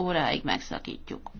óráig megszakítjuk.